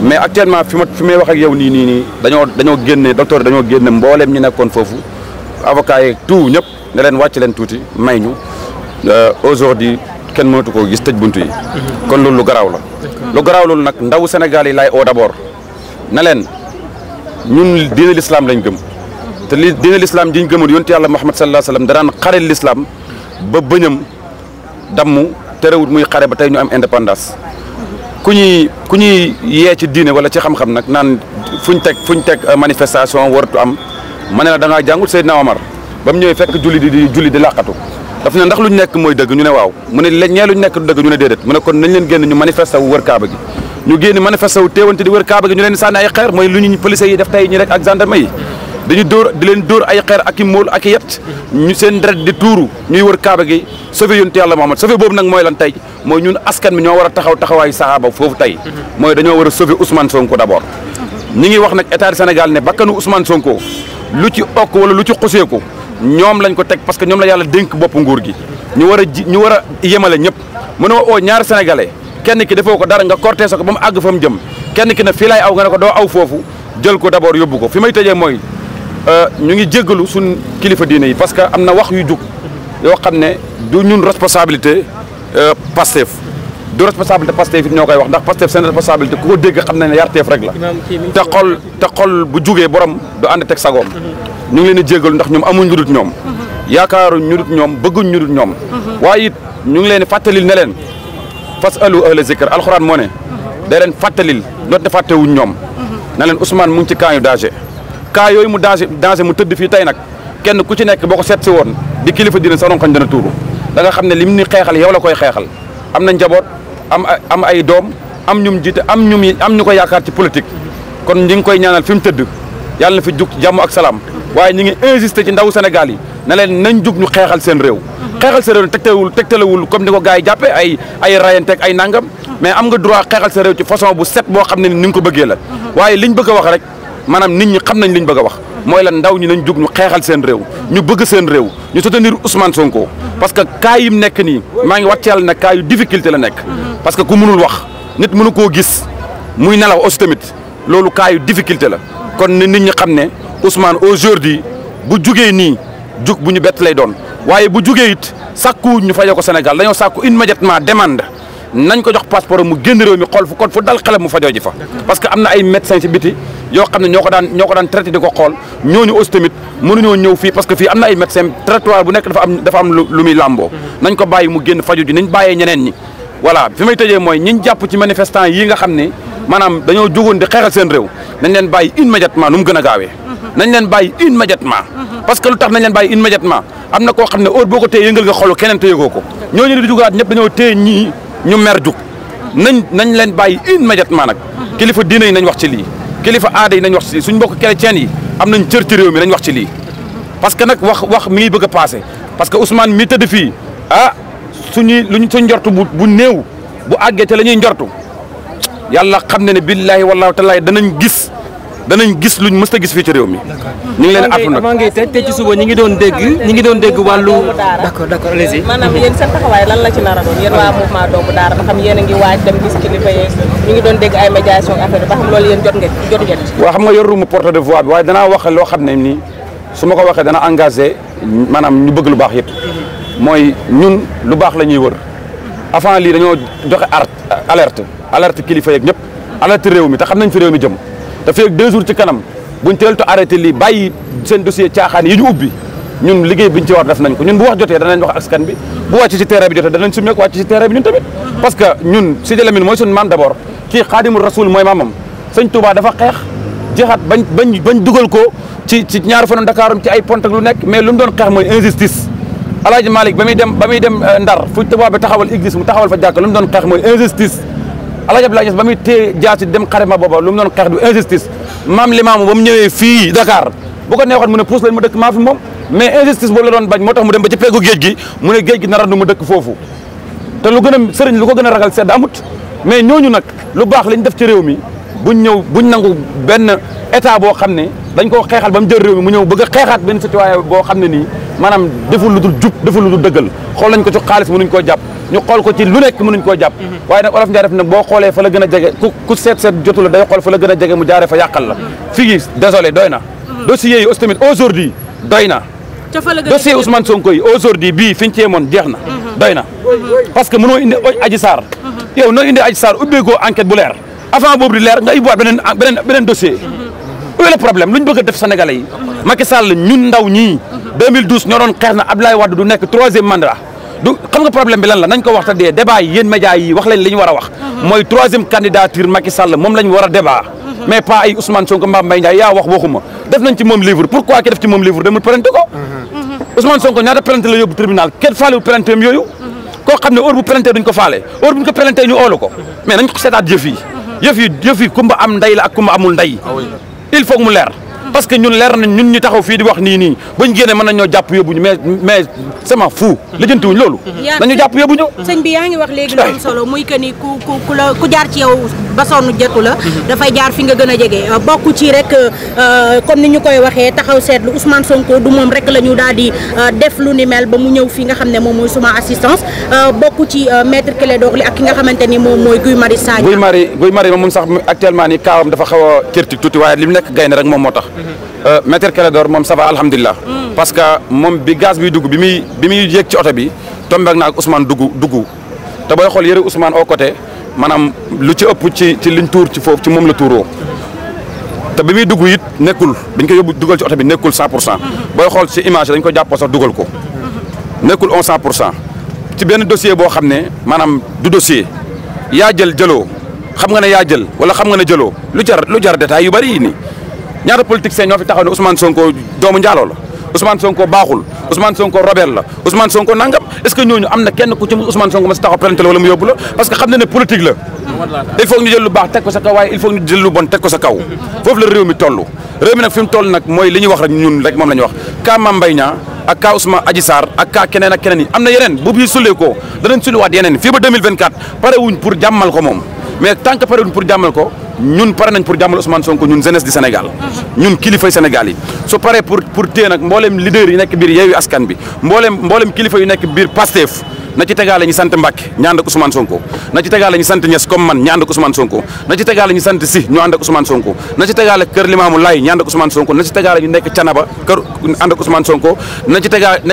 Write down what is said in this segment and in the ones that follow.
mais actuellement fi ma fi may wax ak yow nii nii nii dañoo dañoo génne docteur dañoo génne mbooleem ñu nekkoon foofu avocat yeeg tout ñëpp ne wàcc leen tuuti may ñu euh, aujourd'hui kenn mënatu koo gis tëj buntu yi. kon loolu lu garaaw la. lu garaw loolu nag ndaw Sénégal yi laay oo d'abord leen ñun diine lislaam lañ gëm te li diine lislaam jiñ gëmul yonent yàlla Muhammad sallallahu alayhi wasallam danaan xare lislaam ba bëñam dammu terewut muy xare ba tey ñu am indépendance. ku ñuy ku ñuy yee ci diine wala ci xam-xam nag naan ñu teg fuñ teg euh, manifestation waratu am ma ne la da ngaa jàngul Seydina Omar ba mu ñëwee fekk julli di di julli di làqatu daf ne ndax luñ nekk mooy dëgg ñu ne waaw mu ne ñee luñ nekk du dëgg ñu ne déedéet mu ne kon nañ leen génn ñu manifester wu wër kaaba gi ñu génn manifester wu teewante di wër kaaba gi ñu leen sànni ay xeer mooy lu ñu police yi def tey ñi yi dañu dóor di leen dóor ay xeer ak i mool ak i yet ñu seen deret di tuuru ñuy war kaaba gi safe yonent yàlla Muhammad safe boobu nag mooy lan tey mooy ñun askan bi ñoo war a taxaw taxawaayu saxaaba foofu tey mooy dañoo war a sauver Ousmane Sonko d'abord ñi ngi wax nag état Sénégal ne bakkanu Ousmane Sonko lu ci okk wala lu ci xuseeku ñoom lañ ko teg parce que ñoom la yàlla dénk bopp nguur gi ñu war a ji ñu war a yemale ñëpp mënoo oo ñaari sénégalais kenn ki defoo ko dara nga corté ko ba mu àgg fa mu jëm kenn ki na fii laay aw nga ne ko doo aw foofu jël ko d'abord yóbbu ko fi may tëjee mooy Euh, ñu ngi jéggalu suñ kilifa diine yi parce que am na wax yu jug yoo xam ne du ñun responsabilité euh, Pastef du responsabilité Pastef it ñoo koy wax ndax Pastef seen responsabilité ku ko dégg xam na ne yarteef rek la te xol te xol bu jugee borom du ànd teg sagoom mhm. ñu ngi leen di jéggalu ndax ñoom amuñ lu dul ñoom mhm. yaakaaruñ ñu dul ñoom bëgguñ ñu dul ñoom mhm. waaye it ñu ngi leen di fàttalil ne leen fas alu ahla zikr alxuraan moo ne day leen fàttalil doonte fàttewuñ ñoom na leen Ousmane mu ngi ci camp cas yooyu mu danger danger mu tëdd fii tey nag kenn ku ci nekk boo ko seet si woon di kilifa dina sa ronkoñ dana tuuru da nga xam ne lim ni xeexal yow la koy xeexal am na njaboot am am ay doom am ñum jiite am ñum am ñu ko yaakaar ci politique kon ñi ngi koy ñaanal fi mu tëdd yàlla na fi jug jàmm ak salaam waaye ñu ngi insisté ci ndaw Sénégal yi na leen nañ jug ñu xeexal seen réew xeexal sa réew tegtalewul tegtalewul comme ni ko gars yi jàppe ay ay rayanteeg ay nangam mais am nga droit xeexal sa façon bu set boo xam ne ni nga ko bëggee la waaye liñ bëgg a wax maanaam nit ñi xam nañ lañu ñu bëgg a wax mooy lan ndaw ñi nañ jug ñu xeexal seen réew ñu bëgg seen réew ñu soutenir Ousmane Sonko parce que cas yi mu nekk nii maa ngi wax ci yàlla ne cas yu difficulté la nekk parce que ku mënul wax nit mënu koo gis muy nelaw aussi tamit loolu cas yu difficulté la kon ne nit ñi xam ne Ousmane aujourd'hui bu jugee nii jug bu ñu bett lay doon waaye bu jugee it sàkku ñu fayoo ko Sénégal dañoo sàkku immédiatement demande nañ ko jox passeport mu génn réew mi xool fu kon fu dal xelam mu fajoo ji fa parce que am na ay médecins ci biti yoo xam ne ñoo ko daan traité di ko xool ñooñu aussi tamit mënuñoo ñëw fii parce que fii am na ay médecins traitoire bu nekk dafa am dafa am lu muy làmboo mhm. nañ ko bàyyi mu génn faju nañ bàyyee ñeneen ñi voilà fi may tëjee mooy ñiñ jàpp ci manifestant yi nga xam ne maanaam dañoo jógoon di xeexal seen réew nañ leen bàyyi immédiatement nu mu gën a gaawee mhm. nañ leen bàyyi immédiatement mhm. parce que lu tax nañ leen am na koo xam ne heure boo ko téye yëngal nga xolu ñu mer jug nañ nañ leen bàyyi immédiatement nag kilifa diine yi nañ wax ci lii kilifa aada yi nañ wax ci lii suñ mbokk chrétien yi am nañ cër ci réew mi nañ wax ci lii parce que nag wax wax mi ngi bëgg a passé parce que Ousmane mi tëdd fii ah suñuy luñ suñ njortu bu bu néew bu àggee te la ñuy njortu yàlla xam ne ne billaahi wallaahi taalaa danañ gis danañ gis luñ mës a gis fii ci réew mi. ñu ngi leen àttu nag maa ngi tey ci suba ñi ngi doon dégg ñi ngi doon dégg wàllu. d'accord d'accord allez-y. maanaam lan la ci nar a doon yéen waa mouvement doomu daara ba xam a ngi waaj dem gis kilifa yi ñu ngi doon dégg ay médiation affaire ba xam loolu yéen jot nga jot ngeen. waaw xam nga yoruma porte de voix bi waaye danaa wax loo xam ne nii su ma ko waxee dana engagé maanaam ñu bëgg lu baax yëpp mooy ñun lu baax la ñuy wër avant lii dañoo joxe alerte alerte kilifa yeeg ñëpp alerte réew mi te xam nañ fi réew mi jëm te fii ak deux jours ci kanam buñ teeltu arrêté lii bàyyi seen dossier caaxaan yi ubbi ñun liggéey biñ ci war def nañ ko ñun bu wax jotee danañ wax askan bi bu wàcc ci terrain bi jotee danañ sumeeku wàcc ci terrain bi ñun tamit parce que ñun Sidi Lamine mooy suñu maam d'abord kii xaadimul rasul mooy maamam sëñ Touba dafa xeex jeexaat bañ dugal ko ci ci ñaar fanu Dakaarum ci ay pont lu nekk mais lu doon xeex mooy injustice Alaaji Malick ba dem ba muy dem euh, Ndar fu tubaab bi taxawal église mu taxawal fa jàkk lu mooy injustice Alaaji Abdoulaye Niass ba muy téye jaasi dem xare ma booba lu mu doon xeex du injustice maam limaamu ba mu ñëwee fii Dakar bu ko neexoon mu ne puus leen mu dëkk maa fi moom mais injustice boobu la doon bañ moo tax mu dem ba ci peggu géej gi mu ne géej gi na randu mu dëkk foofu te lu gën a sëriñ lu ko gën a ragal sedd amut mais ñooñu nag lu baax lañ def ci réew mi buñ ñëw buñ nangu benn état boo xam ne dañ koo xeexal ba mu jël réew mi mu ñëw bëgg a xeexaat benn citoyen boo xam ne nii maanaam deful lu dul jub deful lu dul dëggal xool lañ ko ci xaalis mënuñ koo jàpp ñu xool ko ci lu nekk mënuñ koo jàpp waaye nag olof njaay def nag boo xoolee fa la gën a jege ku ku seet seet jotu day xool fa la gën a jege mu jaaree fa yàqal la fii désolé doy na dossiers yi aussi tamit aujourd'hui doy na dossier Ousmane Sonko yi aujourd'hui bii fi ñu ci yemoon jeex na doy na parce que mënoo indi Adji Sarr yow noo indi Adji Sarr ubbeekoo enquête bu leer avant boobu di leer nga ubbiwaat beneen beneen beneen dossier où est le problème lu ñu bëgg def Sénégalais yi Macky Sall ñun ndaw ñii 2012 ñoo doon xeex na Abdoulaye Wade du nekk troisième mandat du xam nga problème bi la nañ ko wax te dee débat wax leen li ñu a wax. mooy troisième candidature Macky Sall moom la ñu war a débat. mais pas ay Ousmane Sonko Mame Mbaye Ndiaye yaa wax waxuma def nañ ci moom livre pourquoi ki def ci moom livre demul plainte ko. Ousmane Sonko ñaata plainte la yóbbu tribunal kenn faalewu plainte am yooyu. koo xam ne heure bu plainte duñ ko faale heure bu ñu ko plainte ñu oolu ko mais nañ ko seetaat yëf yi. kumba am ndey la ak kumba amul ndey. Ah il faut mu leer. parce que ñun leer nañ ñun ñu taxaw fii di wax nii nii bañ génne mën nañoo jàpp yóbbuñu mais mais sama fou lijjantiwuñ loolu. nañu jàpp yóbbuñu. sëñ bi yaa ngi wax léegi lu solo muy que ku jaar ci yow. ba sonn jotu la fay jaar fi nga gëna jégué bokku ci rek euh, comme niñu koy waxé taxaw sétlu Ousmane Sonko du mom rek lañu daldi di euh, def lu ni mel ba mu ñëw fi nga xamné mom moy suma assistance euh, bokku ci maître Clédor li ak ki nga xamante ni moom mooy Guy Mari Sañ Guy Mari Guy Mari mom sax actuellement ni kawam dafa xawa a critique tuuti waaye li mu nekk rek mom motax euh maître Clédor moom ça va alhamdulilah mm. parce que mom bi gaz bi dugg bi mi bi mi yéeg ci auto bi tombé naag Ousmane dugg dugg te boy xol yere Ousmane au côté manam lu ci ëpp ci ci liñ tour ci fofu ci mom la touro te bi mi dugg yit nekkul biñ ko yobbu duggal ci auto bi nekkul 100% boy xol ci image dañ ko jàpp sax duggal ko nekkul 100% ci ben dossier bo xam manam du dossier ya jël jëlo xam nga ne ya jël wala xam nga ne jëlo lu jar lu jar détail yu bari ni ñaata politique seen ñofi taxaw ne Ousmane Sonko doomu njaaloo la Ousmane Sonko baxul Ousmane Sonko robel la Ousmane Sonko nangam est-ce que ñooñu amna kenn ku ci Ousmane Sonko ma taxo taxaw wala mu yóbbu la parce que xamna né politique la il faut ñu jël lu baax tek ko sa kaw il faut ñu jël lu bon tek ko sa kaw fofu la réew mi tollu réew mi nak fi toll nak moy li ñu wax rek ñun rek mom la wax ka Mame Mbaye ak ka Ousmane Adji Sarr ak ka keneen ak keneen yi am na yeneen bu bii sulee ko danañ suliwaat yeneen fii ba 2024 pare wuñ pour jàmmal ko moom mais tant que pare wuñ pour jàmmal ko ñun pare nañ pour jàmmal Ousmane Sonko ñun jeunesse di Sénégal ñun kilifay Sénégal yi su pare pour pour téye nag mbooleem leader yi nekk biir Yewwi Askan bi mbooleem mbooleem kilifa yu nekk biir Pastef na ci tegaale ñu sant Mbacke ñu ànd ci tegaale sant Niass ak Ousmane Sonko na ci tegaale ñu sant Si ñu ànd ak Ousmane Sonko na ci tegaale kër Limaamu Laay ñu ànd ak Ousmane Sonko na ci tegaale Sonko na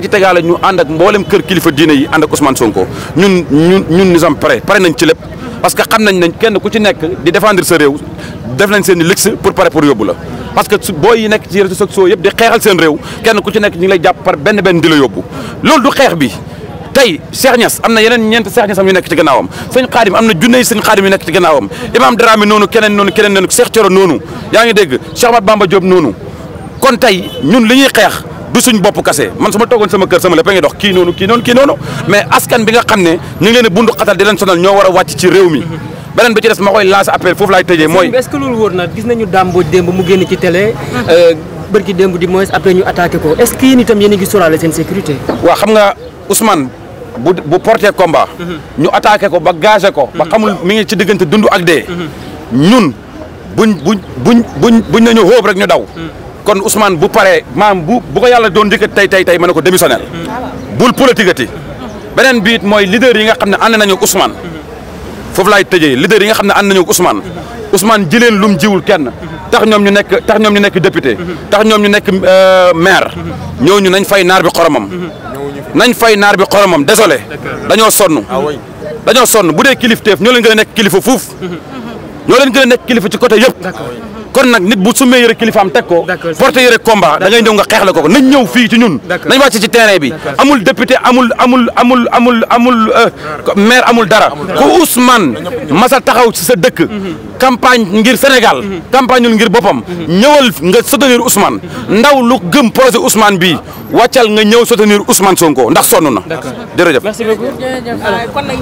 ci tegaale ñu ànd mboolem kër kilifa diine yi ànd ak Ousmane Sonko ñun ñun ñun nous sommes prêts pare nañ ci lépp parce que xam nañ nañ kenn ku ci nekk di défendre sa réew def nañ seen i luxe pour pare pour yóbbu la parce que booy yi nekk ci réseaux sociaux di xeexal seen réew kenn ku ci nekk ñu lay jàpp par benn ben di la yóbbu loolu bi tey Cheikh Niass am na yeneen ñeent Cheikh Niass am yu nekk ci gannaawam sëñ xaadim na junne yi sëñ xaadim yu nekk ci gannaawam imam Dramé noonu keneen noonu keneen noonu noonu yaa ngi dégg Cheikh Ahmad Bamba li ñuy xeex su ma toogoon sama kër sama lépp a ngi dox kii noonu kii noonu ne ñu ngi leen di bundu xatal di leen sonal ñoo war a wàcc ci réew des ma koy lancer appel foofu laay tëjee mooy est-ce que loolu wóor na gis nañu Dame Mbodj démb mu génn ci télé euh, bërki démb di moins après ñu attaqué ko est-ce que yéen itam yéen a ngi sóoraale seen sécurité waaw xam nga Ousmane bu bu porté combat. Mhm. ñu attaqué ko ba gagé ko. ba mhm. xamul mi ngi ci diggante dund ak dee. Mhm. ñun buñ buñ buñ buñ buñ nañu xóob rek ñu daw. kon Ousmane bu paree maam bu bu ko yàlla doon njëkk tey tey tey mën na ko démissionnel. bul politikati. beneen biit mooy leader yi nga xam ne ànd nañu ak Ousmane. foofu laay tëjee leader yi nga xam ne ànd nañu ak Ousmane. Ousmane jëleen lum jiwul kenn. tax ñoom ñu nekk tax ñoom ñu nekk député. tax ñoom ñu nekk euh, maire. ñooñu nañ fay naar bi xoromam. nañ fay naar bi xoromam désolé dañoo sonn ah dañoo sonn bu dee kilifteef ñoo leen gën nekk kilifa fuuf mhm. ñoo leen gën a nekk kilifa ci côté yëpp kon nag nit bu sumee yëre kilifaam teg ko porté yëre combat da ngay ñëw nga xeexle ko ko nañ ñëw fii ci ñun nañ wàcc ci terrain bi amul député amul amul amul amul amul euh, maire amul dara ku Ousmane masa taxaw ci sa dëkk mhm. campagne ngir Sénégal mhm. campagne ngir boppam mhm. ñëwal nga soutenir Ousmane ndaw lu gëm projet Ousmane bi wàccal nga ñëw soutenir Ousmane Sonko ndax sonn na jërëjëf merci beaucoup kon nag